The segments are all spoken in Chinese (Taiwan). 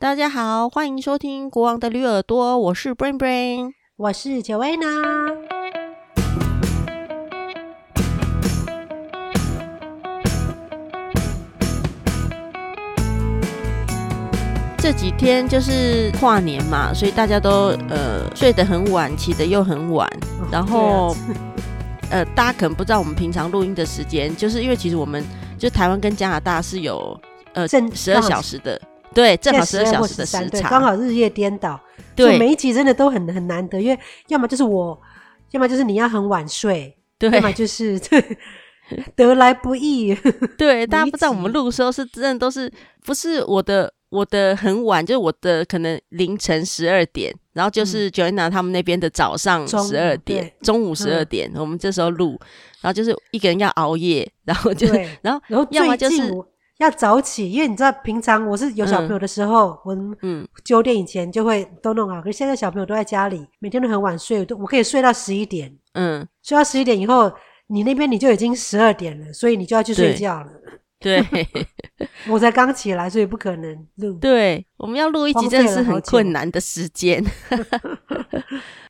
大家好，歡迎收聽《國王的驢耳朵》，我是 Brain Brain，我是 Joanna。這幾天就是跨年嘛，所以大家都呃睡得很晚，起得又很晚，哦、然後呃大家可能不知道我們平常錄音的時間，就是因為其實我們就台灣跟加拿大是有呃正十二小時的。對，正好十二小時的時差，剛好日夜顛倒。對，每一集真的都很很難得，因為要麼就是我，要麼就是你要很晚睡，對，要麼就是呵呵，得來不易。對，大家不知道我們錄的時候是，真的都是不是我的，我的很晚，就是我的可能凌晨十二點，然後就是 Joanna 他們那邊的早上十二點、嗯，中午十二點，中午十二點、嗯，我們這時候錄，然後就是一個人要熬夜，然後就是，然後然後要麼就是。要早起，因為你知道，平常我是有小朋友的時候，嗯，我九點以前就會都弄好，嗯。可是現在小朋友都在家裡，每天都很晚睡，我，我可以睡到十一點。嗯，睡到十一點以後，你那邊你就已經十二點了，所以你就要去睡覺了。對。對 我才剛起來，所以不可能錄。對，我們要錄一集，真的是很困難的時間。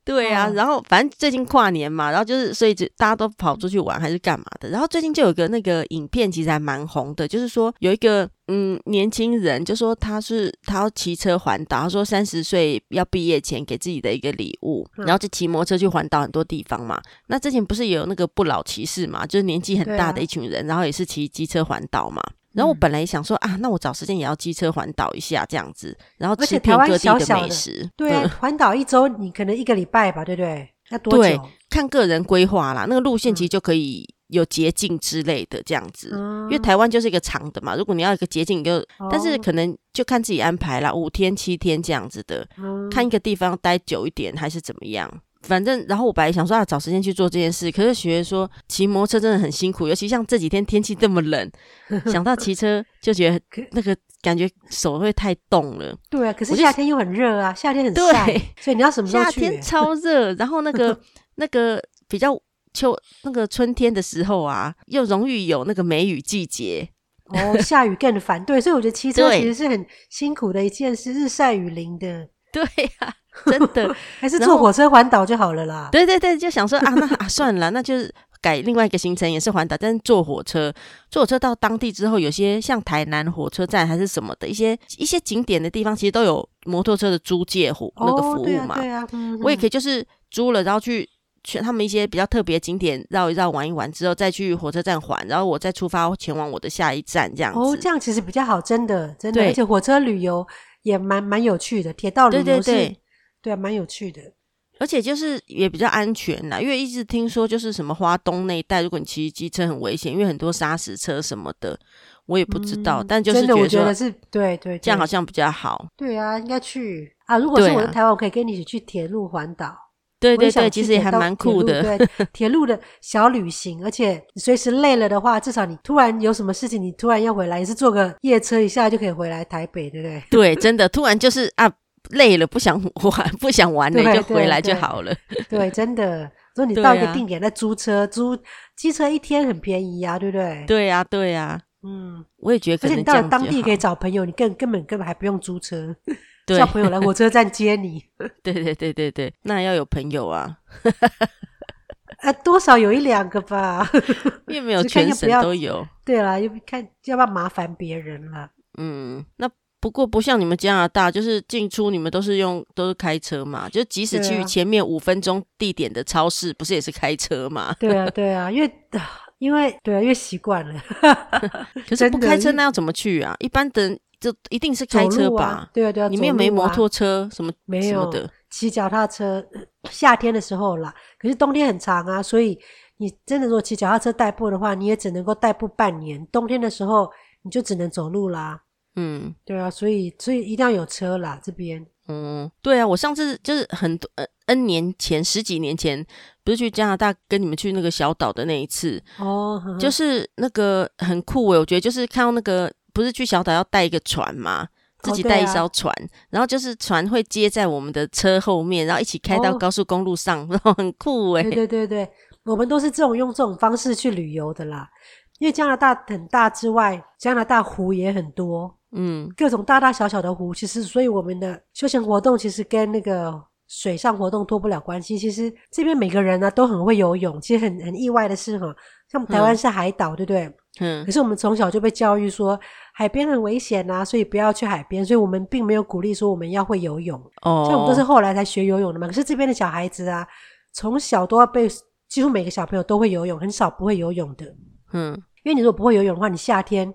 對啊，然後反正最近跨年嘛，然後就是，所以就大家都跑出去玩還是幹嘛的。然後最近就有個那個影片，其實還蠻紅的，就是說有一個嗯年輕人，就說他是他要騎車環島，他說三十歲要畢業前給自己的一個禮物，嗯，然後就騎摩托車去環島很多地方嘛。那之前不是也有那個不老騎士嘛，就是年紀很大的一群人，啊、然後也是騎機車環島嘛。然後我本來想說啊，那我找時間也要機車環島一下這樣子，然後吃遍各地的美食。小小的。對啊，環島一周你可能一個禮拜吧，對不對？那多久？對，看個人規劃啦。那個路線其實就可以有捷徑之類的這樣子，嗯，因為台灣就是一個長的嘛。如果你要一個捷徑，一個但是可能就看自己安排啦，五天七天這樣子的，嗯、看一個地方待久一點還是怎麼樣。反正，然後我本來想說要、啊、找時間去做這件事。可是覺得說騎摩托車真的很辛苦，尤其像這幾天天氣這麼冷， 想到騎車就覺得那個感覺手會太凍了。對、啊，可是夏天又很熱啊，夏天很曬，對，所以你要什麼時候、欸、夏天超熱，然後那個那個比較秋 那個春天的時候啊，又容易有那個梅雨季節。哦，下雨更煩，對，所以我覺得騎車其實是很辛苦的一件事，日曬雨淋的。對啊。真的，還是坐火車環島就好了啦。對對對，就想說啊，那啊算了，那就是改另外一個行程，也是環島。 但是坐火車，坐火車到當地之後，有些像台南火車站還是什麼的一些一些景點的地方，其實都有摩托車的租借、哦、那個服務嘛。對啊，對啊、嗯，我也可以就是租了，然後去去他們一些比較特別的景點繞一繞玩一玩之後，再去火車站還，然後我再出發前往我的下一站這樣子。哦，這樣其實比較好，真的真的，而且火車旅遊也蠻蠻，蠻有趣的，鐵道旅遊對對，對。對啊，蠻有趣的，而且就是也比較安全啦。因為一直聽說，就是什麼花東那一帶，如果你騎機車很危險，因為很多砂石車什麼的，我也不知道。嗯、但就是覺得，我覺得是對，對對，這樣好像比較好。對啊，應該去啊！如果是我在台灣、啊，我可以跟你一起去鐵路環島。對對對，鐵鐵其實也還蠻酷的。對，鐵 路的小旅行，而且你隨時累了的話，至少你突然有什麼事情，你突然要回來，也是坐個夜車一下就可以回來台北，對不對？對，真的， 突然就是啊。累了不想玩，不想玩了就回來就好了對。對，真的。所以你到一個定點，那租車、啊、租機車一天很便宜啊，對不對？對呀、啊，對呀、啊。嗯，我也覺得。就是你到了當地可以找朋友，你根根本根本還不用租車，叫朋友來火車站接你。對 對對對對，那要有朋友啊。 啊，多少有一兩個吧，因 為沒有全省都有。對啦，又看要不要麻煩別人了、啊。嗯，那。不過不像你們加拿大，就是進出你們都是用都是開車嘛。就即使去前面五分鐘地點的超市，不是也是開車嘛？對啊， 對啊，對啊，越因為對啊越習慣了。 可是不開車那要怎麼去啊？一般的就一定是開車吧？啊對啊，對啊，裡面沒摩托車、啊、什麼什麼的沒有，騎腳踏車夏天的時候啦。可是冬天很長啊，所以你真的說騎腳踏車代步的話，你也只能夠代步半年。冬天的時候你就只能走路啦。嗯，對啊，所以所以一定要有車啦，這邊。嗯，對啊，我上次就是很多 N 年前，十幾年前，不是去加拿大跟你們去那個小島的那一次哦呵呵，就是那個很酷。欸、我覺得就是看到那個不是去小島要帶一個船嘛，自己帶一艘船。哦、對啊，然後就是船會接在我們的車後面，然後一起開到高速公路上，哦、然後很酷哎、欸。對，對對對，我們都是這種用這種方式去旅遊的啦。因為加拿大很大之外，加拿大湖也很多，嗯，各種大大小小的湖，其實所以我們的休閒活動其實跟那個水上活動脫不了關係。其實這邊每個人呢、啊、都很會游泳。其實很很意外的是哈，像台灣是海島、嗯，對不對，對？嗯。可是我們從小就被教育說海邊很危險啊，所以不要去海邊。所以我們並沒有鼓勵說我們要會游泳。哦。所以我們都是後來才學游泳的嘛。可是這邊的小孩子啊，從小都要被幾乎每個小朋友都會游泳，很少不會游泳的。嗯。因為你如果不會游泳的話，你夏天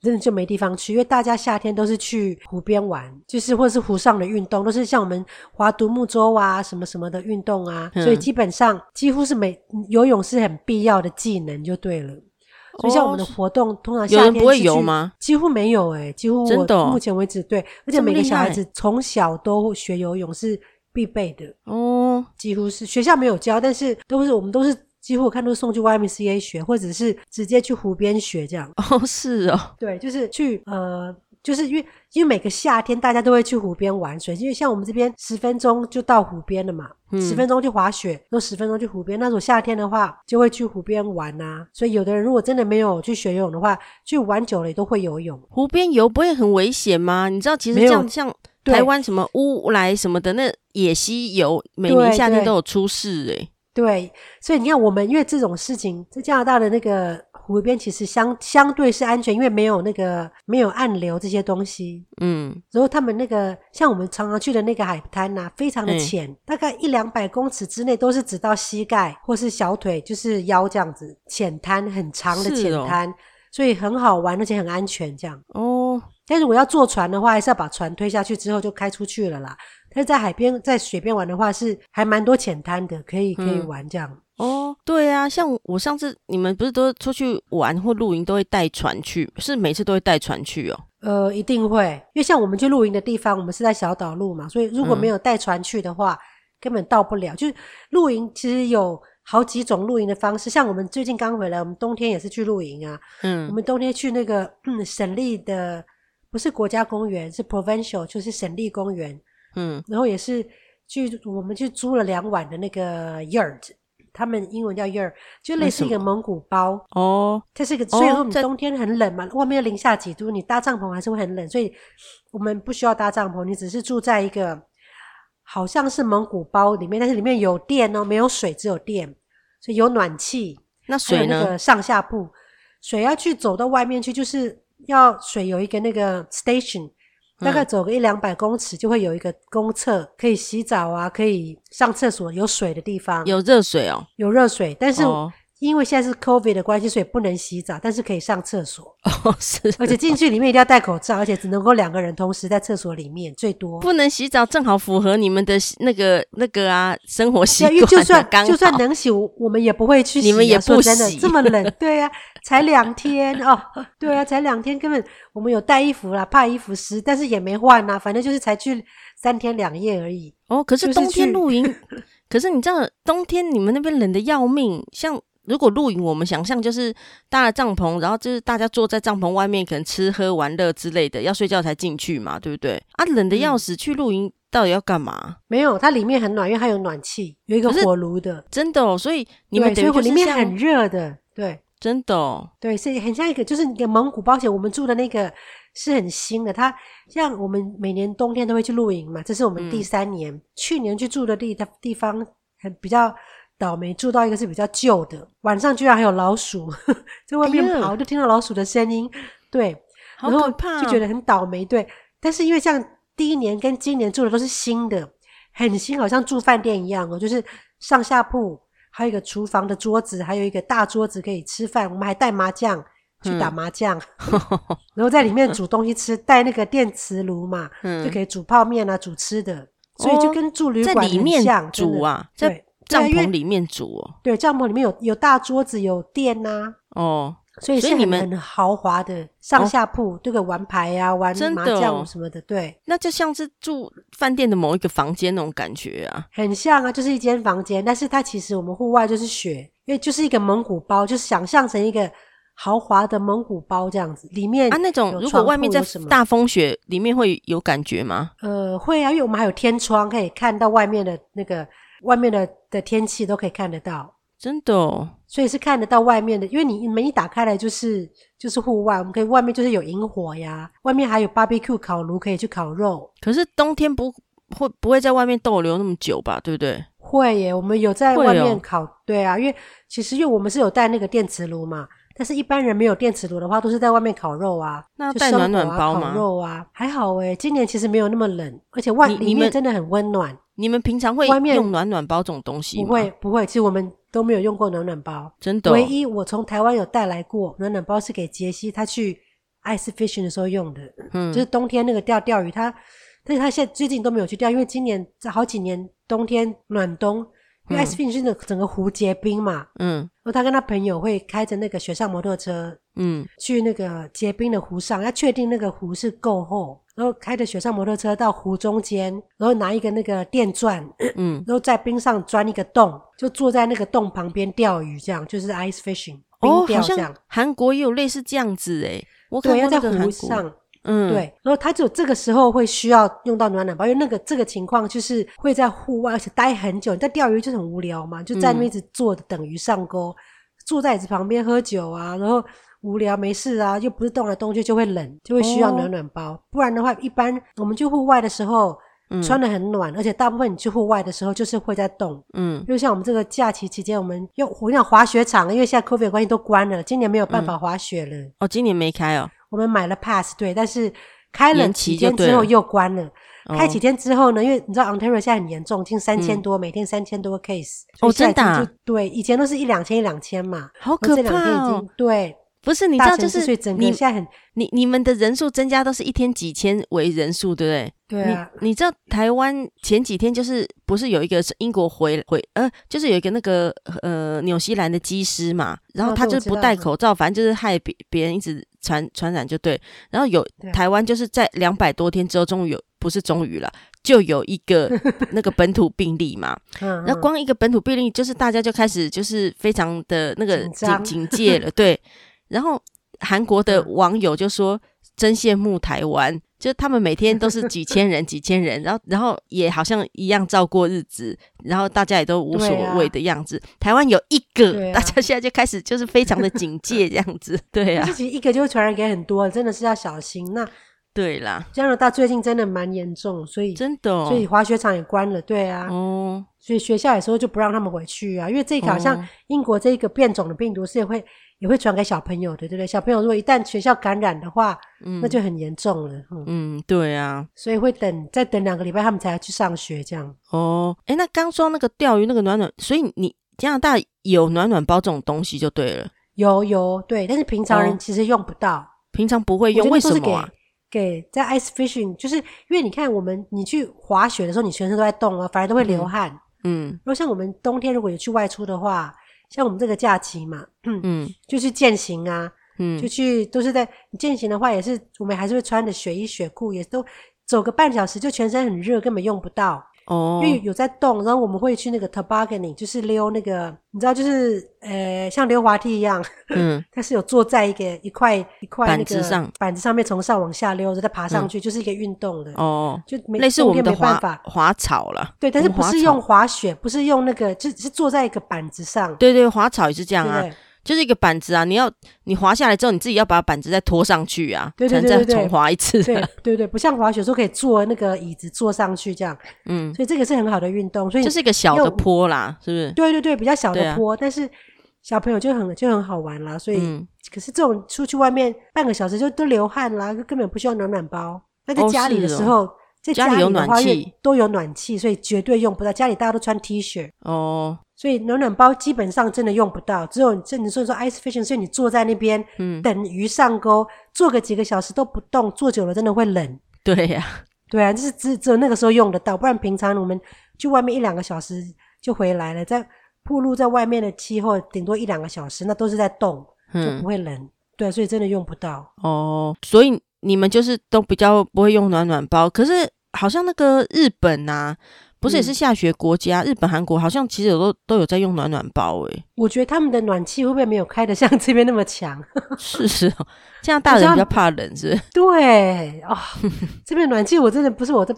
真的就沒地方去。因為大家夏天都是去湖邊玩，就是或者是湖上的運動，都是像我們划獨木舟啊、什麼什麼的運動啊。嗯、所以基本上幾乎是每游泳是很必要的技能，就對了、哦。所以像我們的活動，通常夏天、哦、有人不會游嗎？幾乎沒有誒、欸、幾乎我、哦、目前為止對，而且每個小孩子從小都學游泳是必備的哦，幾乎是學校沒有教，但是都是我們都是。幾乎我看都是送去 YMCA 學，或者是直接去湖邊學這樣。哦，是哦，對，就是去呃，就是因為因為每個夏天大家都會去湖邊玩水，因為像我們這邊十分鐘就到湖邊了嘛，十、嗯、分鐘去滑雪都十分鐘去湖邊。那時候夏天的話就會去湖邊玩啊，所以有的人如果真的沒有去學游泳的話，去玩久了也都會游泳。湖邊游不會很危險嗎？你知道其實像像台灣什麼烏來什麼的那野溪游，每年夏天都有出事誒、欸對，所以你看，我們因為這種事情，在加拿大的那個湖邊其實相相對是安全，因為沒有那個沒有暗流這些東西。嗯，然後他們那個像我們常常去的那個海灘吶、啊，非常的淺、嗯，大概一兩百公尺之內都是只到膝蓋或是小腿，就是腰這樣子淺灘，很長的淺灘、哦，所以很好玩，而且很安全這樣。哦，但如果要坐船的話，還是要把船推下去之後就開出去了啦。那在海邊在水邊玩的話，是還蠻多淺灘的，可以可以玩這樣、嗯。哦，對啊,像我上次你們不是都出去玩或露營都會帶船去，是每次都會帶船去哦？呃，一定會，因為像我們去露營的地方，我們是在小島露嘛，所以如果沒有帶船去的話、嗯，根本到不了。就是露營其實有好幾種露營的方式，像我們最近剛回來，我們冬天也是去露營啊。嗯，我們冬天去那個嗯省立的，不是國家公園，是 provincial，就是省立公園。嗯，然後也是去，我們去租了兩晚的那個 yurt 他們英文叫 yurt，就類似一個蒙古包哦。這是一個，所、哦、以說在冬天很冷嘛，外面零下幾度，你搭帳篷還是會很冷，所以我們不需要搭帳篷，你只是住在一個好像是蒙古包裡面，但是裡面有電哦，沒有水，只有電，所以有暖氣。那水那個上下鋪，水要去走到外面去，就是要水有一個那個 station。嗯、大概走個一兩百公尺，就會有一個公廁，可以洗澡啊，可以上廁所，有水的地方，有熱水哦，有熱水，但是，哦因為現在是 COVID 的關係，所以不能洗澡，但是可以上廁所。哦、oh,，是的。而且進去裡面一定要戴口罩，oh. 而且只能夠兩個人同時在廁所裡面，最多。不能洗澡，正好符合你們的那個那個啊生活習慣、啊。因為就算就算能洗，我們也不會去洗、啊、你們也不洗真的。這麼冷，對呀、啊，才兩天 哦，對啊，才兩天， 根本我們有帶衣服啦、啊，怕衣服濕，但是也沒換吶、啊，反正就是才去三天兩夜而已。哦、oh,，可是冬天露營，就是、可是你知道冬天 你們那邊冷的要命，像。如果露營，我們想象就是搭了帳篷，然後就是大家坐在帳篷外面，可能吃喝玩樂之類的，要睡覺才進去嘛，對不對？啊，冷的要死！嗯、去露營到底要幹嘛？沒有，它裡面很暖，因為它有暖氣，有一個火爐的。真的哦，所以你們對，我裡面很熱的。對，真的哦。對，所以很像一個，就是你的蒙古包。而且我們住的那個是很新的，它像我們每年冬天都會去露營嘛，這是我們第三年，嗯、去年去住的地的地方，很比較。倒霉，住到一個是比較舊的，晚上居然還有老鼠呵呵在外面跑，哎，就聽到老鼠的聲音，對，然後就覺得很倒霉。對，但是因為像第一年跟今年住的都是新的，很新，好像住飯店一樣哦，喔，就是上下鋪，還有一個廚房的桌子，還有一個大桌子可以吃飯。我們還帶麻將去打麻將，嗯嗯，然後在裡面煮東西吃，帶那個電磁爐嘛，嗯，就可以煮泡面啊，煮吃的，所以就跟住旅館很像，煮啊，對。帳篷裡面煮哦，對，帳篷裡面有有大桌子，有電吶、啊，哦，所以是很，所以你們很豪華的上下鋪，都可以玩牌啊，玩麻將什麼的，真的哦。對，那就像是住飯店的某一個房間那種感覺啊，很像啊，就是一間房間，但是它其實我們戶外就是雪，因為就是一個蒙古包，就是想象成一個豪華的蒙古包這樣子。裡面啊，那種如果外面在大風雪什麼，裡面會有感覺嗎？呃，會啊，因為我們還有天窗，可以看到外面的那個。外面的的天氣都可以看得到，真的，哦。所以是看得到外面的，因為你門一打開來就是就是戶外，我們可以外面就是有營火呀，外面還有 barbecue 烤爐可以去烤肉。可是冬天不會不會在外面逗留那麼久吧，對不對？會耶，我們有在外面烤，哦、對啊，因為其實因為我們是有帶那個電磁爐嘛，但是一般人沒有電磁爐的話，都是在外面烤肉啊，那暖暖包就生火、啊、暖暖包烤肉啊，還好誒，今年其實沒有那麼冷，而且外裡面真的很溫暖。你們平常會用暖暖包這種東西嗎？不會，不會。其實我們都沒有用過暖暖包。真的哦。唯一我從台灣有帶來過暖暖包，是給杰西他去 ice fishing 的時候用的。嗯。就是冬天那個釣釣魚，他，但是他現在最近都沒有去釣，因為今年這好幾年冬天暖冬，因、嗯、為 ice fishing 的整個湖結冰嘛。嗯。然後他跟他朋友會開着那個雪上摩托車，嗯，去那個結冰的湖上，要確定那個湖是夠厚。然後開着雪上摩托車到湖中間，然後拿一個那個電鑽，嗯，然後在冰上鑽一個洞，就坐在那個洞旁邊釣魚，這樣就是 ice fishing，冰釣這樣。哦、韓國也有類似這樣子誒我可能要在湖,在這個湖上嗯，對。然後他就這個時候會需要用到暖暖包，因為那個這個情況就是會在戶外而且待很久，你在釣魚就很無聊嘛，就在那邊一直坐著等魚上鈎，坐在椅子旁邊喝酒啊，然後。無聊沒事啊，又不是動來動去就會冷，就會需要暖暖包。Oh. 不然的話，一般我們去戶外的時候穿得很暖，嗯，而且大部分你去戶外的時候就是會在動。嗯，就像我們這個假期期間，我們又，我想滑雪場了，因為現在 COVID 關係都關了，今年沒有辦法滑雪了。哦，嗯，oh, 今年沒開哦，喔。我們買了 pass 對，但是開了幾天之後又關了。了 oh. 開幾天之後呢？因為你知道 Ontario 現在很嚴重，近三千多，嗯，每天三千多 case。哦，oh，真的、啊。對，以前都是一兩千一兩千嘛，好可怕哦，喔。對。不是你知道，就是你現在很你你，你們的人數增加都是一天幾千為人數，對不對？對啊。你，你知道台灣前幾天就是不是有一個是英國回回呃，就是有一個那個呃紐西蘭的機師嘛，然後他就是不戴口罩，反正就是害別別人一直傳傳染，就對。然後有台灣就是在兩百多天之後，終於有不是終於了，就有一個那個本土病例嘛。那 然後光一個本土病例，就是大家就開始就是非常的那個警 警戒了，對。然後韓國的網友就說：“真羨慕臺灣，就他們每天都是幾千人， 幾千人，然後然後也好像一樣照過日子，然後大家也都無所謂的樣子。啊、臺灣有一個，啊，大家現在就開始就是非常的警戒這樣子，對啊， 對啊，自己一個就會傳染給很多，真的是要小心。那對啦，加拿大最近真的蠻嚴重，所以真的，哦，所以滑雪場也關了，對啊，嗯，所以學校也說就不讓他們回去啊，因為這個好像英國這個變種的病毒是會。”也會傳給小朋友的，對不對，對，小朋友如果一旦學校感染的話，嗯，那就很嚴重了，嗯。嗯，對啊，所以會等再等兩個禮拜，他們才要去上學這樣。哦，誒、欸、那剛說那個釣魚那個暖暖，所以你加拿大有暖暖包這種東西就對了。有有對，但是平常人其實用不到，哦、平常不會用，為什麼啊？給在 ice fishing，就是因為你看我們，你去滑雪的時候，你全身都在動啊，反而都會流汗，嗯。嗯，如果像我們冬天如果有去外出的話，像我們這個假期嘛，嗯，嗯，就去健行啊，嗯，就去都是在健行的話，也是我們還是會穿着雪衣雪褲，也都走個半小時就全身很熱，根本用不到。哦、oh，因為有在動，然後我們會去那個 tobogganing 就是溜那個，你知道，就是呃，像溜滑梯一樣，嗯，它是有坐在一個一塊一塊，那個、板子上，板子上面從上往下溜，着再爬上去，嗯，就是一個運動的哦，就，沒類，似就沒辦法類似我們的辦法滑草了，對，但是不是用滑雪滑，不是用那個，就是坐在一個板子上，對對，對，滑草也是這樣啊。對對對就是一個板子啊，你要你滑下來之後，你自己要把板子再拖上去啊，對對對對對，才能再重滑一次。對對，對不像滑雪時候可以坐那個椅子坐上去這樣。嗯，所以這個是很好的運動。所以這是一個小的坡啦，是不是？對對對，比較小的坡，啊、但是小朋友就很就很好玩啦。所以、嗯，可是這種出去外面半個小時就都流汗啦，根本不需要暖暖包。那在家裡的時候，哦哦、在家裡，家裡有暖氣，都有暖氣，所以絕對用不到。家裡大家都穿 T 恤哦。所以暖暖包基本上真的用不到，只有這所以說 ice fishing，所以你坐在那邊，嗯，等魚上鈎、嗯，坐個幾個小時都不動，坐久了真的會冷。對呀，啊，對啊，就是只只有那個時候用得到，不然平常我們去外面一兩個小時就回來了，在暴露在外面的氣候，頂多一兩個小時，那都是在動，就不會冷。嗯、對，啊，所以真的用不到。哦，所以你們就是都比較不會用暖暖包，可是好像那個日本啊。不是也是下雪國家、嗯，日本、韓國好像其實有都都有在用暖暖包哎、欸。我覺得他們的暖氣會不會沒有開得像這邊那麼強？是是、哦，這樣大人比較怕冷是，不是，是。對哦， 這邊暖氣我真的不是我在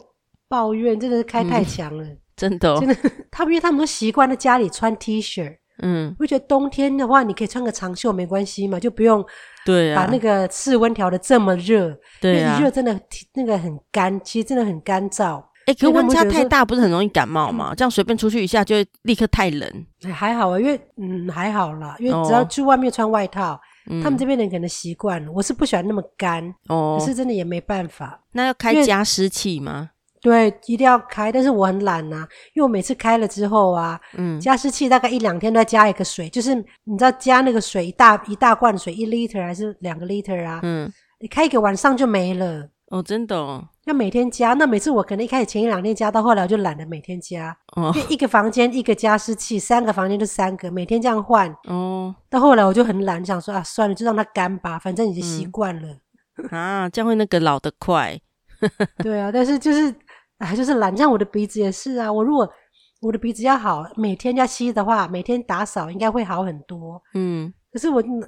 抱怨，真的是開太強了、嗯真哦。真的，真的。他們因為他們都習慣在家裡穿 T 恤，嗯，會覺得冬天的話你可以穿個長袖沒關係嘛，就不用對，把那個室溫調得這麼熱。對熱、啊、真的那個很乾，其實真的很乾燥。哎、欸，可溫差太大，不是很容易感冒嗎？嗯、這樣隨便出去一下，就會立刻太冷。欸、還好啊，因為嗯，還好啦，因為只要去外面穿外套，哦嗯、他們這邊人可能習慣了。我是不喜歡那麼乾哦，可是真的也沒辦法。那要開加濕器嗎？對，一定要開。但是我很懶啊，因為我每次開了之後啊，嗯、加濕器大概一兩天都要加一個水，就是你知道加那個水一大一大罐水一 liter 還是兩個 liter 啊？嗯，你開一個晚上就沒了。Oh, 哦，真的要那每天加，那每次我可能一開始前一兩天加，到後來我就懶得每天加，oh. 因為一個房間一個加濕器，三個房間就三個，每天這樣換。哦、oh.，到後來我就很懶，想說啊，算了，就讓它乾吧，反正已經習慣了、嗯。啊，這樣會那個老得快。 對啊，但是就是啊，就是懶。像我的鼻子也是啊，我如果我的鼻子要好，每天要吸的話，每天打掃應該會好很多。嗯。可是我嗯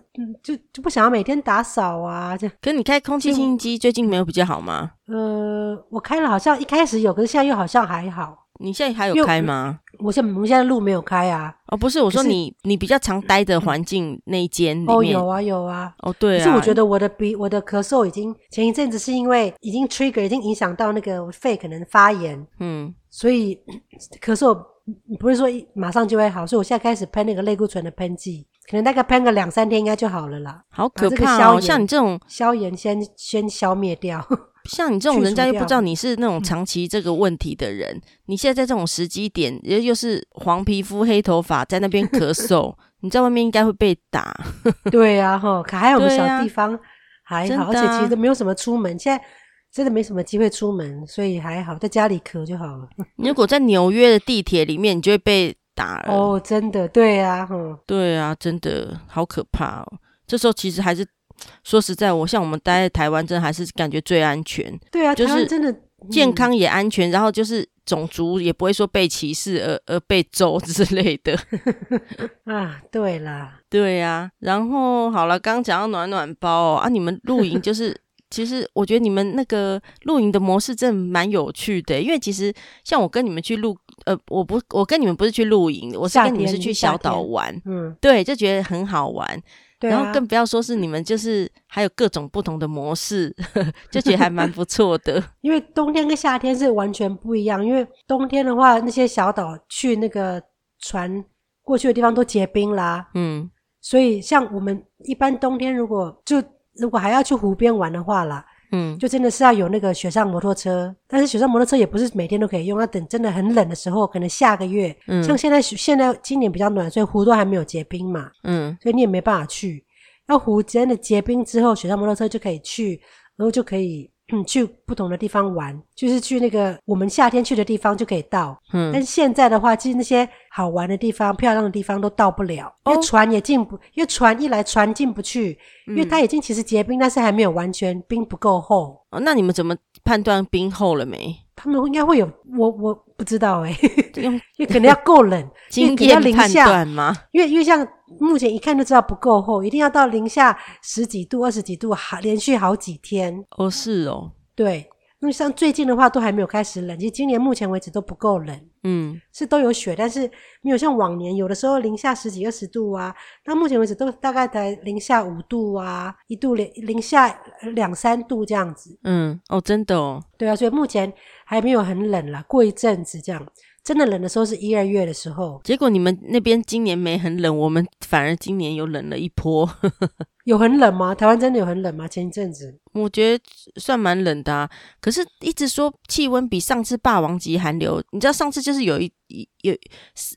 就就不想要每天打掃啊，這樣。可是你開空氣清新機最近沒有比較好嗎？嗯、呃，我開了好像一開始有，可是現在又好像還好。你現在還有開嗎？我現在我們現在路沒有開啊。哦，不是，我說你你比較常待的環境那一間裡面。哦，有啊有啊。哦，對啊。可是我覺得我的鼻我的咳嗽已經前一陣子是因為已經 trigger 已經影響到那個肺可能發炎，嗯，所以咳嗽不是說馬上就會好，所以我現在開始噴那個類固醇的噴劑，可能大概噴個兩三天應該就好了啦。好可怕哦！消炎，像你這種消炎先先消滅掉。像你這種，人家又不知道你是那種長期這個問題的人，你現在在這種時機點又又是黃皮膚黑頭髮在那邊咳嗽， 你在外面應該會被打。 對啊哈，可還有個小地方、啊、還好、啊，而且其實沒有什麼出門，現在真的沒什麼機會出門，所以還好在家裡咳就好了。 如果在紐約的地鐵裡面，你就會被。打哦，oh, 真的對啊、嗯，對啊，真的好可怕哦。這時候其實還是說實在，我像我們待在台灣，真的還是感覺最安全。對啊，就是真的健康也安全、嗯，然後就是種族也不會說被歧視而而被揍之類的。 啊，對啦，對呀、啊。然後好了，剛講到暖暖包、哦、啊，你們露營就是。 其實我覺得你們那個露營的模式真的蠻有趣的，因為其實像我跟你們去露，呃，我不，我跟你們不是去露營，我是跟你們是去小島玩，嗯，對，就覺得很好玩，對啊，然後更不要說是你們，就是還有各種不同的模式， 就覺得還蠻不錯的。 因為冬天跟夏天是完全不一樣，因為冬天的話，那些小島去那個船過去的地方都結冰啦，嗯，所以像我們一般冬天如果就。如果還要去湖邊玩的話啦，嗯，就真的是要有那個雪上摩托車，但是雪上摩托車也不是每天都可以用，要等真的很冷的時候，可能下個月，嗯，像現在現在今年比較暖，所以湖都還沒有結冰嘛，嗯，所以你也沒辦法去。那湖真的結冰之後，雪上摩托車就可以去，然後就可以去不同的地方玩，就是去那個我們夏天去的地方就可以到。嗯，但是現在的話，其實那些。好玩的地方、漂亮的地方都到不了，因為船也進不、哦，因為船一來船進不去、嗯，因為它已經其實結冰，但是還沒有完全冰不夠厚。哦，那你們怎麼判斷冰厚了沒？他們應該會有，我我不知道哎、欸， 因為可能要夠冷，經驗判斷嗎？因為可能要零下，因為因為像目前一看就知道不夠厚，一定要到零下十幾度、二十幾度，好，連續好幾天。哦，是哦，對。那像最近的話，都還沒有開始冷，其實今年目前為止都不夠冷。嗯，是都有雪，但是沒有像往年，有的時候零下十幾二十度啊。到目前為止都大概在零下五度啊，一度零零下兩三度這樣子。嗯，哦，真的哦，對啊，所以目前還沒有很冷啦，過一陣子這樣，真的冷的時候是一二月的時候。結果你們那邊今年沒很冷，我們反而今年又冷了一波。 有很冷嗎？台灣真的有很冷嗎？前一陣子我覺得算蠻冷的啊，可是一直說氣溫比上次霸王級寒流。你知道上次就是有一有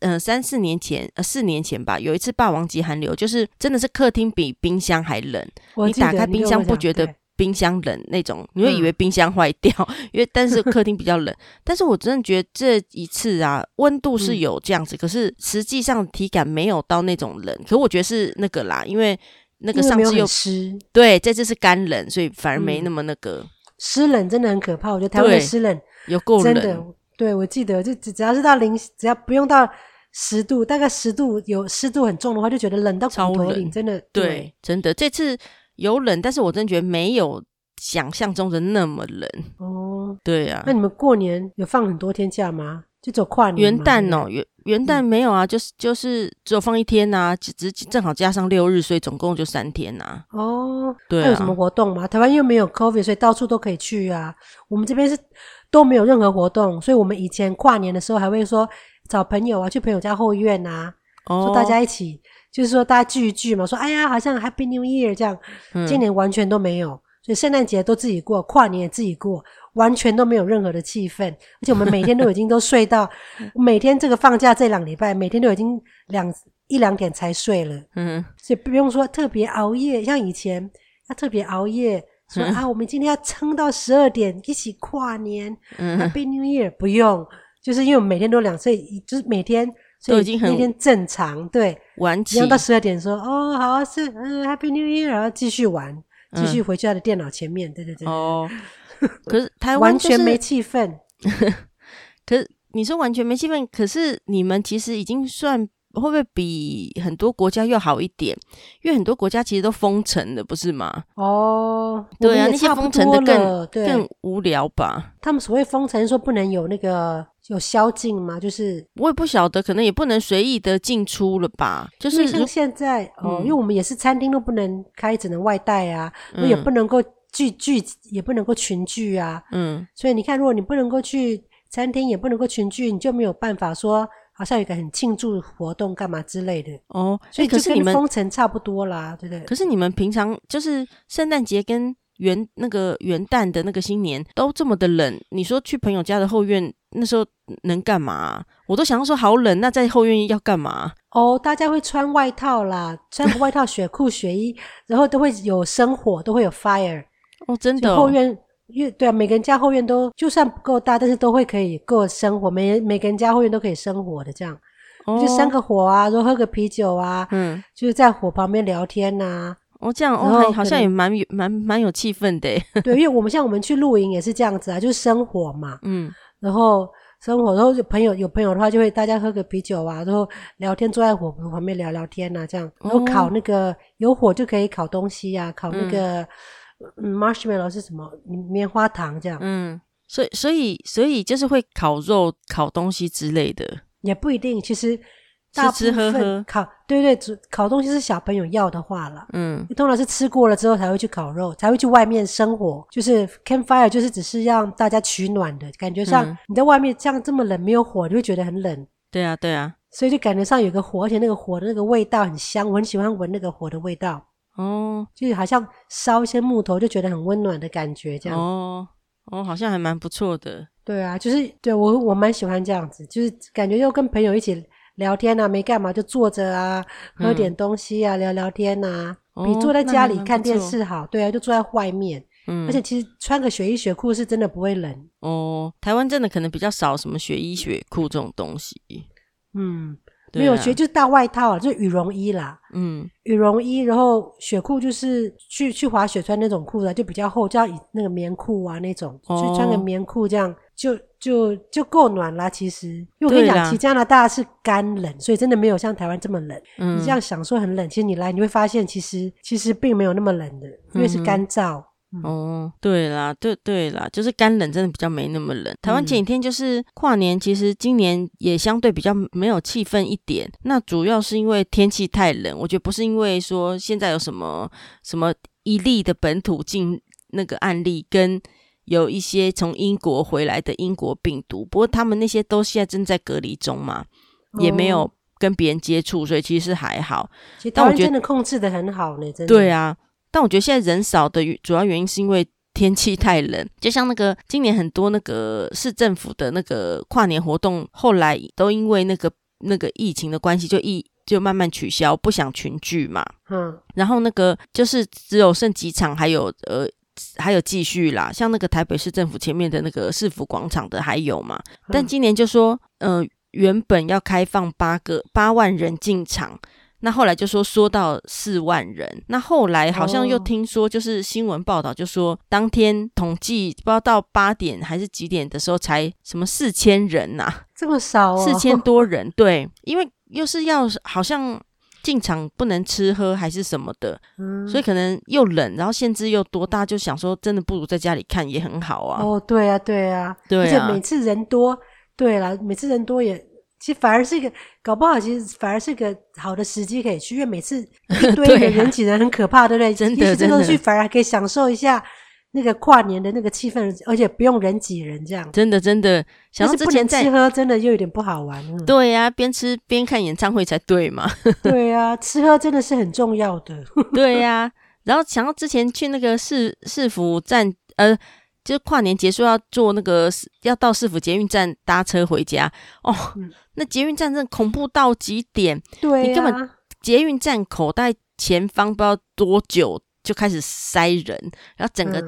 嗯三四年前呃四年前吧，有一次霸王級寒流，就是真的是客廳比冰箱還冷。你打開冰箱不覺得冰箱冷有有那種，你會以為冰箱壞掉、嗯，因為但是客廳比較冷。 但是我真的覺得這一次啊，溫度是有這樣子，嗯、可是實際上體感沒有到那種冷。可是我覺得是那個啦，因為。那個上次又濕，對，這次是乾冷，所以反而沒那麼那個，嗯，濕冷，真的很可怕。我覺得台灣的濕冷有夠冷，對，真的，對，我記得就只只要是到零，只要不用到十度，大概十度有濕度很重的話，就覺得冷到骨頭裡，真的。對，對，真的，這次有冷，但是我真的覺得沒有想象中的那麼冷哦，對啊。那你們過年有放很多天假嗎？就走跨年，元旦哦，元元旦沒有啊，嗯、就是就是只有放一天吶、啊，只只正好加上六日，所以總共就三天吶、啊。哦，對、啊，有什麼活動嗎？台灣又沒有 COVID，所以到處都可以去啊。我們這邊是都沒有任何活動，所以我們以前跨年的時候還會說找朋友啊，去朋友家後院啊，哦、說大家一起就是說大家聚一聚嘛，說哎呀，好像 Happy New Year 這樣。今年完全都沒有，嗯、所以聖誕節都自己過，跨年也自己過。完全都沒有任何的氣氛，而且我們每天都已經都睡到 每天這個放假這兩禮拜，每天都已經兩一兩點才睡了，嗯，所以不用說特別熬夜，像以前要特別熬夜說、嗯、啊，我們今天要撐到十二點一起跨年，嗯，Happy New Year，不用，就是因為我們每天都兩睡，就是每天，天都已經很天正常，對，玩然後到十二點說哦，好、啊、是嗯，Happy New Year，然後繼續玩，繼續回去他的電腦前面，嗯、對，對對對，哦、oh。可是台灣、就是、完全沒氣氛， 可是你說完全沒氣氛。可是你們其實已經算會不會比很多國家要好一點？因為很多國家其實都封城了，不是嗎？哦，對啊，那些封城的更更無聊吧？他們所謂封城，說不能有那個有宵禁嗎？就是我也不曉得，可能也不能隨意的進出了吧？就是像現在哦、嗯，因為我們也是餐廳都不能開，只能外帶啊，嗯、也不能夠。聚聚也不能夠群聚啊，嗯，所以你看，如果你不能夠去餐廳，也不能夠群聚，你就沒有辦法說，好像有一個很慶祝活動幹嘛之類的哦。所以就可是你們封城差不多啦，對不對，對？可是你們平常就是聖誕節跟元那個元旦的那個新年都這麼的冷，你說去朋友家的後院那時候能幹嘛、啊？我都想要說好冷，那在後院要幹嘛、啊？哦，大家會穿外套啦，穿外套、雪褲、雪衣， 然後都會有生火，都會有 fire。哦、oh，真的後院，因為對啊，每個人家後院都就算不夠大，但是都會可以夠生火。每人每個人家後院都可以生火的，這樣，oh. 就生個火啊，然後喝個啤酒啊，嗯，就是在火旁邊聊天吶、啊。哦、oh，這樣然後哦，好像也蠻有蠻蠻有氣氛的。對，因為我們像我們去露營也是這樣子啊，就是生火嘛，嗯，然後生火，然後有朋友有朋友的話就會大家喝個啤酒啊，然後聊天，坐在火旁邊聊聊天啊，這樣。然後烤那個、oh. 有火就可以烤東西呀，啊，烤那個。嗯嗯，marshmallow 是什麼？棉花糖這樣。嗯，所以所以所以就是會烤肉、烤東西之類的，也不一定。其實大，吃吃喝喝烤，對對對，烤東西是小朋友要的話了。嗯，通常是吃過了之後才會去烤肉，才會去外面生火。就是 campfire，就是只是讓大家取暖的感覺。像你在外面這樣這麼冷，沒有火，你就會覺得很冷。嗯、對啊，對啊。所以就感覺上有個火，而且那個火的那個味道很香，我很喜歡聞那個火的味道。哦、oh，就是好像燒一些木頭，就覺得很溫暖的感覺，這樣。哦，哦，好像還蠻不錯的。對啊，就是對我我蠻喜歡這樣子，就是感覺又跟朋友一起聊天啊，沒干嘛就坐着啊，嗯、喝點東西啊，聊聊天啊，oh, 比坐在家裡看電視好。對啊，就坐在外面，嗯，而且其實穿個雪衣雪褲是真的不會冷。哦、oh，台灣真的可能比較少什麼雪衣雪褲這種東西。嗯。沒有學，其實就是大外套啊，就是羽絨衣啦，嗯，羽絨衣，然後雪褲就是去去滑雪穿那種褲子，啊，就比較厚，就要以那個棉褲啊那種，哦、就穿個棉褲這樣，就就就夠暖啦。其實，因為我跟你講，其實加拿大是乾冷，所以真的沒有像台灣這麼冷，嗯。你這樣想說很冷，其實你來你會發現，其實其實並沒有那麼冷的，因為是乾燥。嗯哦，對啦，對對啦，就是乾冷，真的比較沒那麼冷。台灣前幾天就是跨年，其實今年也相對比較沒有氣氛一點。那主要是因為天氣太冷，我覺得不是因為說現在有什麼什麼一例的本土境那個案例，跟有一些從英國回來的英國病毒，不過他們那些都現在正在隔離中嘛，也沒有跟別人接觸，所以其實還好。其實台灣真的控制得很好呢，真的。但我覺得對啊。但我覺得現在人少的主要原因是因為天氣太冷，就像那個今年很多那個市政府的那個跨年活動，後來都因為那個那個疫情的關係就，就疫就慢慢取消，不想群聚嘛。嗯，然後那個就是只有剩幾場，還有呃還有繼續啦，像那個台北市政府前面的那個市府廣場的還有嘛。嗯。但今年就說，嗯，呃，原本要開放八個八萬人進場。那後來就說，說到四萬人，那後來好像又聽說就是新聞報道就說當天統計不知道到八點還是幾點的時候才什麼四千人吶，啊，這麼少，啊，四千多人，對，因為又是要好像進場不能吃喝還是什麼的，嗯，所以可能又冷，然後限制又多，大家就想說真的不如在家裡看也很好啊。哦，對啊，對啊，對啊，而且每次人多，對了，每次人多也。其實反而是一個搞不好，其實反而是一個好的時機可以去，因為每次一堆人擠人很可怕 對、啊，對不對？真的，之後去反而還可以享受一下那個跨年的那個氣氛，而且不用人擠人這樣。真的真的，想說之前在，但是不能吃喝，真的又有點不好玩。嗯、對呀、啊，邊吃邊看演唱會才對嘛。 對呀、啊，吃喝真的是很重要的。 對呀、啊，然後想到之前去那個市市府站呃。就是跨年結束要坐那個要到市府捷運站搭車回家哦，那捷運站真的恐怖到極點，對、啊、你根本捷運站口袋前方不知道多久就開始塞人，然後整個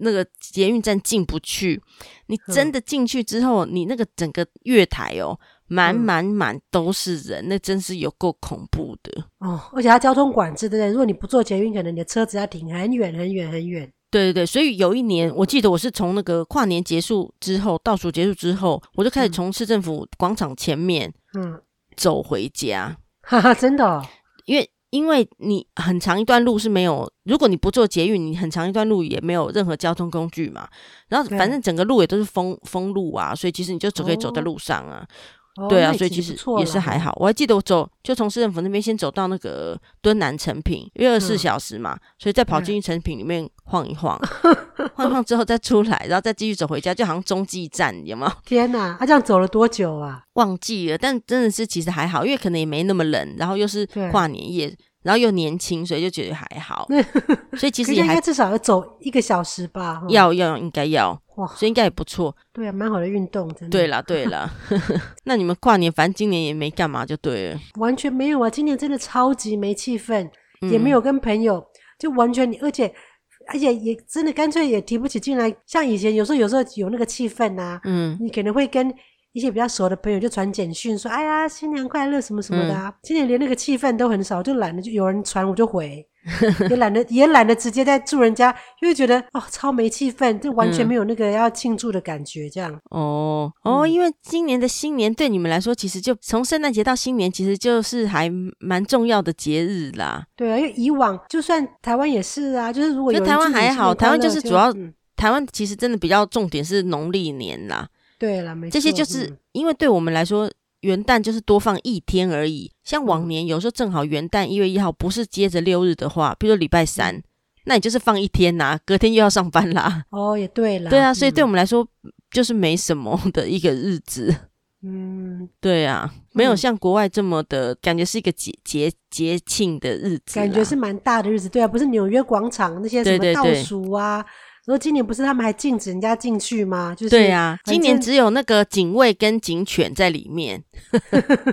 那個捷運站進不去、嗯，你真的進去之後，你那個整個月台哦，滿滿滿都是人、嗯，那真是有夠恐怖的哦，而且它交通管制對不對？如果你不坐捷運，可能你的車子要停很遠很遠很遠。對對對，所以有一年，我記得我是從那個跨年結束之後，倒數結束之後，我就開始從市政府廣場前面，嗯，走回家，哈、嗯、哈，嗯、 真的、哦，因為因為你很長一段路是沒有，如果你不坐捷運，你很長一段路也沒有任何交通工具嘛，然後反正整個路也都是封封路啊，所以其實你就只可以走在路上啊。哦哦、對啊，所以其實也是還好。我還記得我走，就從市政府那邊先走到那個敦南誠品，因為二十四小時嘛、嗯，所以再跑進一誠品裡面晃一晃，嗯、晃一晃之後再出來， 然後再繼續走回家，就好像中繼站，有沒有？天哪，他、啊、這樣走了多久啊？忘記了，但真的是其實還好，因為可能也沒那麼冷，然後又是跨年夜，然後又年輕，所以就覺得還好。嗯、所以其實應該至少要走一個小時吧？嗯、要要應該要。哇，所以應該也不錯。對啊，蠻好的運動真的。對啦對啦 那你們跨年，反正今年也沒幹嘛，就對了。完全沒有啊，今年真的超級沒氣氛、嗯，也沒有跟朋友，就完全，而且，而且也真的乾脆也提不起勁來。像以前有時候，有時候有那個氣氛啊，嗯，你可能會跟一些比較熟的朋友就傳簡訊說、嗯，哎呀，新年快樂什麼什麼的啊。嗯、今年連那個氣氛都很少，就懶得，就有人傳我就回。 也懶得也懶得直接在祝人家，因為覺得哦超沒氣氛，就完全沒有那個要慶祝的感覺這樣。嗯、哦哦，因為今年的新年對你們來說，其實就從聖誕節到新年，其實就是還蠻重要的節日啦。對啊，因為以往就算台灣也是啊，就是如果有台灣還好，台灣就是主要、嗯、台灣其實真的比較重點是農曆年啦。對啦，沒錯，這些就是、嗯、因為對我們來說。元旦就是多放一天而已，像往年有時候正好元旦一月一號不是接着六日的話，比如說禮拜三，那你就是放一天啦，啊，隔天又要上班啦。哦，也對啦。對啊，嗯、所以對我們來說就是沒什麼的一個日子。嗯，對啊，嗯、沒有像國外這麼的感覺是一個節節節慶的日子，感覺是蠻大的日子。對啊，不是紐約廣場那些什麼倒數啊。對對對。說今年不是他們還禁止人家進去嗎？就是對呀、啊，今年只有那個警衛跟警犬在裡面。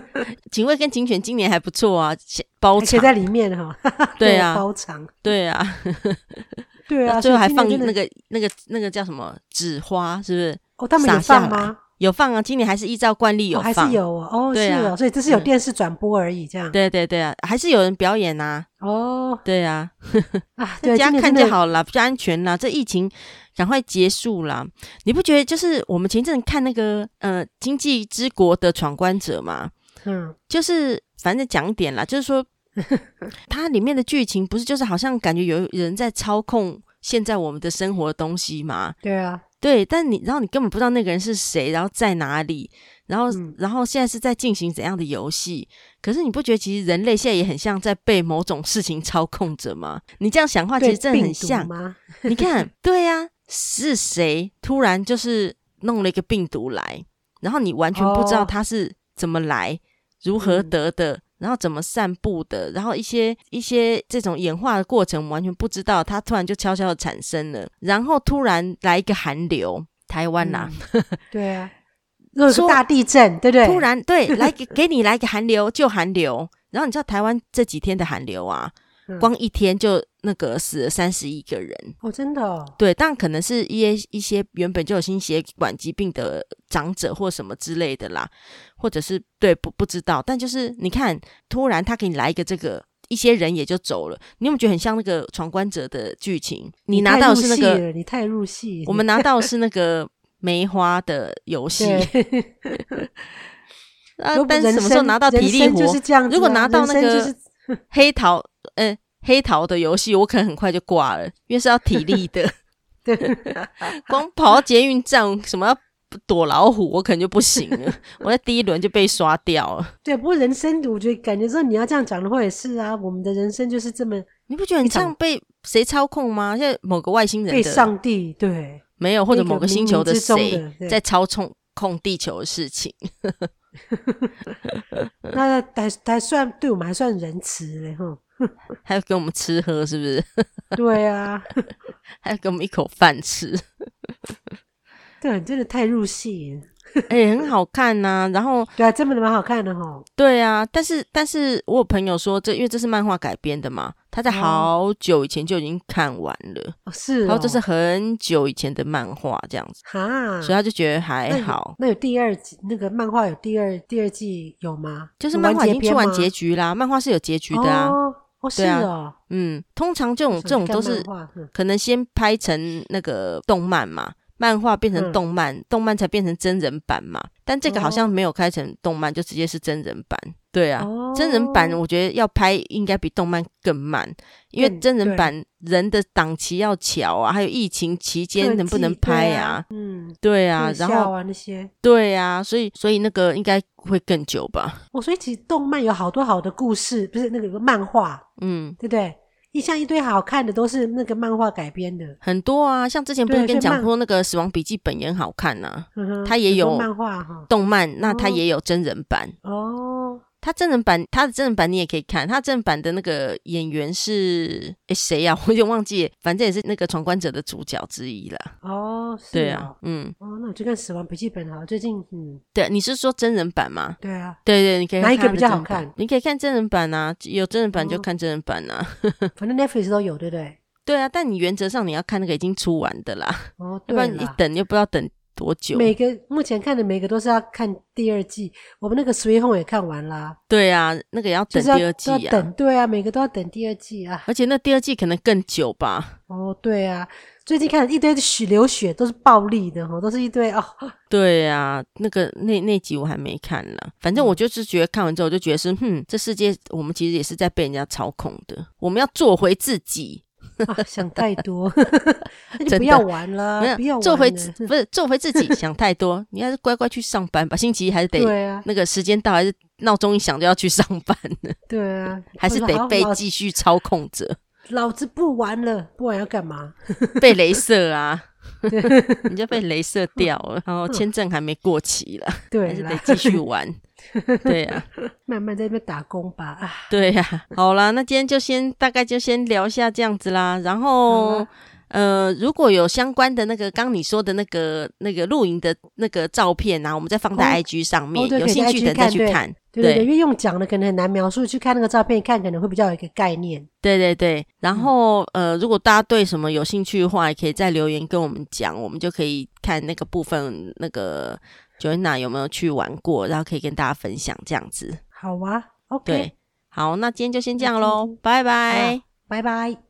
警衛跟警犬今年還不錯啊，包場在裡面哈。對啊，包場，對啊，對啊，最後還放那個那個那個叫什麼紙花，是不是？哦，他們有放嗎？有放啊，今年還是依照慣例有放。哦，還是有哦，哦對啊是，所以這是有電視轉播而已，嗯，這樣。對對對啊，還是有人表演吶。啊，哦，對啊， 啊，大對家 看就好了啦，比較安全啦。這疫情趕快結束啦，你不覺得就是我們前一陣看那個呃《今際之國的闖關者》嘛，嗯，就是反正講點啦，就是說 它裡面的劇情不是就是好像感覺有人在操控現在我們的生活的東西嘛，對啊。對，但你，然後你根本不知道那個人是誰，然後在哪裡，然後、嗯、然後現在是在進行怎樣的遊戲？可是你不覺得其實人類現在也很像在被某種事情操控着嗎？你這樣想的話，其實真的很像。 你看，對呀、啊，是誰突然就是弄了一個病毒來，然後你完全不知道他是怎麼來，哦、如何得的？嗯然後怎麼散布的？然後一些一些這種演化的過程，完全不知道。它突然就悄悄的產生了，然後突然來一個寒流，台灣吶、啊，嗯、 對啊，大地震，對不對？突然對，來給給你來個寒流， 就寒流。然後你知道台灣這幾天的寒流啊？光一天就那個死了三十一個人哦，真的、哦、對，但可能是一些一些原本就有心血管疾病的長者或什麼之類的啦，或者是對不不知道，但就是你看，突然他給你來一個這個，一些人也就走了，你有沒有覺得很像那個闖關者的劇情？你拿到的是那個你太入戲，我們拿到的是那個梅花的遊戲 對、 啊。但是什麼時候拿到體力活，啊、如果拿到那個黑桃。 嗯、欸，黑桃的遊戲我可能很快就掛了，因為是要體力的。 對，光跑到捷運站， 什麼要躲老虎，我可能就不行了。我在第一輪就被刷掉了。對，不過人生，我覺得感覺說你要這樣講的話也是啊，我們的人生就是這麼，你不覺得你這樣被誰操控嗎？現在某個外星人的被上帝對，沒有或者某個星球的誰在操控控地球的事情？ 那他他算對我們還算仁慈。 還要給我們吃喝，是不是？ 對啊， 還要給我們一口飯吃 對、啊。對，真的太入戲了，哎、 欸，很好看吶、啊。然後，對啊，真的蠻好看的哈。對啊，但是，但是我有朋友說這，這因為這是漫畫改編的嘛，他在好久以前就已經看完了。是、哦，然後這是很久以前的漫畫，這樣子啊、哦哦，所以他就覺得還好。啊、那，有那有第二季？那個漫畫有第二第二季有嗎？就是漫畫已經去完結局啦。漫畫是有結局的。啊。哦哦，是、啊、哦，嗯，通常這種這種都是可能先拍成那個動漫嘛，漫畫變成動漫、嗯，動漫才變成真人版嘛。但這個好像沒有開成動漫，嗯、就直接是真人版。對啊、哦，真人版我覺得要拍應該比動漫更慢，嗯、因為真人版人的檔期要巧啊，還有疫情期間能不能拍啊？啊啊嗯，對啊，笑啊然後啊那些，對啊，所以所以那個應該會更久吧？我所以其實動漫有好多好的故事，不、就是那個有個漫畫，嗯，對不對？一像一堆好看的都是那個漫畫改編的，很多啊，像之前不是跟你講過那個《死亡筆記本》也很好看啊，它也有漫畫哈，動漫那它也有真人版哦。他真人版，他的真人版你也可以看，他真人版的那個演員是誒，誰呀、啊？我有點忘記，反正也是那個《闖關者》的主角之一了。哦是、啊，對啊，嗯。哦，那我就看《死亡筆記本》啊。最近嗯，對、啊，你是說真人版嗎？對啊，對對，你可以看哪一個比較好看？你可以看真人版吶、啊，有真人版就看真人版吶、啊。 反正 Netflix 都有，對不對？對啊，但你原則上你要看那個已經出完的啦，哦，對要不然你等，又不要等。多久？每個目前看的每個都是要看第二季，我們那個《Sweet Home》也看完啦。對啊，那個也要等第二季啊，就是要要等。對啊，每個都要等第二季啊。而且那第二季可能更久吧。哦，對啊，最近看了一堆的血流血都是暴力的，哈，都是一堆哦。對啊，那個那那集我還沒看呢。反正我就是覺得看完之後，我就覺得是，哼、嗯，這世界我們其實也是在被人家操控的，我們要做回自己。啊、想太多， 那就不要玩了。沒有，不要做回不是做回自己。 想太多，你還是乖乖去上班吧。星期一還是得、啊、那個時間到，還是鬧鐘一響就要去上班呢？對啊，還是得被繼續操控着。好好老子不玩了，不玩要幹嘛？ 被雷射啊！ 你就被雷射掉了，然 後、哦哦哦、簽證還沒過期了，還是得繼續玩。 對呀、啊， 慢慢在那邊打工吧啊！對呀、啊，好啦，那今天就先大概就先聊一下這樣子啦。然後，呃，如果有相關的那個剛你說的那個那個露營的那個照片啊，我們再放在 IG 上面、哦，有興趣的再去看。哦對,對,對，因為用講的可能很難描述，去看那個照片，看可能會比較有一個概念。對對對，然後、嗯、呃，如果大家對什麼有興趣的話，也可以在留言跟我們講，我們就可以看那個部分，那個 Joanna 有沒有去玩過，然後可以跟大家分享這樣子。好啊，OK。對，好，那今天就先這樣嘍，拜拜，啊、拜拜。